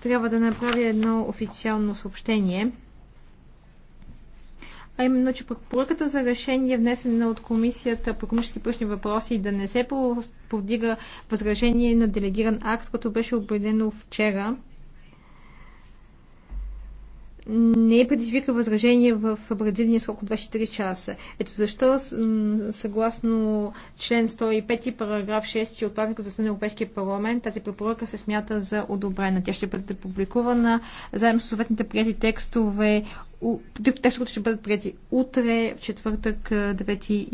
трябва да направя едно официално съобщение. А именно, че препоръката за решение, внесена от Комисията по економически пръчни въпроси, да не се повдига възражение на делегиран акт, като беше определено вчера, не предизвика възражение в предвидения срок от 24 часа. Ето защо, съгласно член 105 параграф 6 от правилника за на Европейския парламент, тази препоръка се смята за одобрена. Тя ще бъде публикувана заедно с съответните прияти текстове. Текстовете ще бъдат прияти утре, в четвъртък, 9 и